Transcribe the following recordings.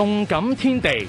動感天地，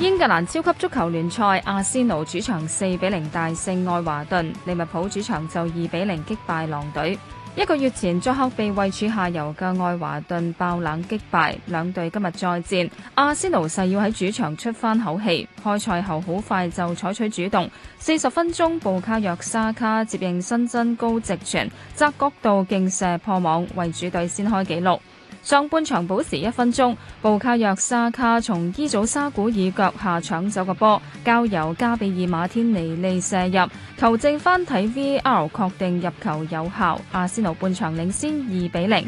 英格蘭超級足球聯賽，阿仙奴主場四比零大勝愛華頓，利物浦主場就二比零擊敗狼隊。一個月前，作客被位處下游嘅愛華頓爆冷擊敗，兩隊今日再戰，阿仙奴誓要喺主場出返口氣。開賽後好快就採取主動，四十分鐘，布卡約沙卡接應辛真高直傳，側角度勁射破網，為主隊先開紀錄。上半場補時一分鐘，布卡約沙卡從伊祖沙古爾腳下搶走個波，交由加比爾馬天尼利射入，球證翻睇 V R 確定入球有效，阿仙奴半場領先二比零。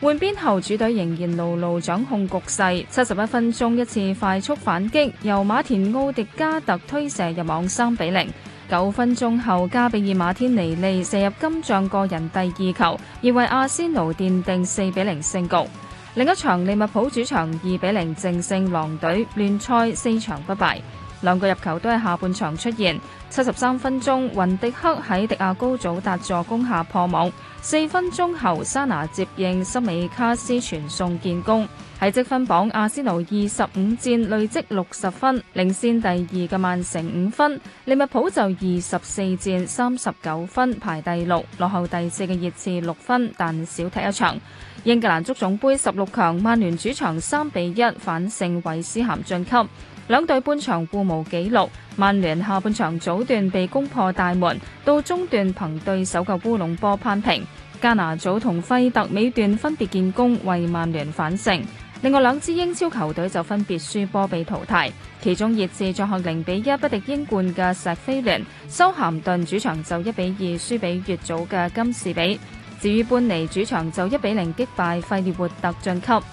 換邊後主隊仍然牢牢掌控局勢，七十一分鐘，一次快速反擊，由馬田奧迪加特推射入網，三比零。九分鐘後，加比爾馬天尼利射入今仗個人第二球，而為阿仙奴奠定四比零勝局。另一場利物浦主場二比零淨勝狼隊，聯賽四場不敗。兩個入球都係下半場出現，七十三分鐘雲迪克喺迪亞高祖達助攻下破網，四分鐘後沙拿接應森美卡斯傳送建功。喺積分榜，阿仙奴二十五戰累積六十分，領先第二嘅曼城五分；利物浦就二十四戰三十九分，排第六，落後第四嘅熱刺六分，但少踢一場。英格蘭足總杯十六強，曼聯主場三比一反勝韋斯咸晉級。兩隊半場互無紀錄，曼聯下半場早段被攻破大門，到中段憑對手嘅烏龍波攀平。加拿祖同費特尾段分別建功，為曼聯反勝。另外兩支英超球隊就分別輸波被淘汰，其中熱刺作客零比一不敵英冠嘅石飛聯，修咸頓主場就一比二輸俾乙組嘅金士比。至於班尼主場就一比零擊敗費列活特晉級。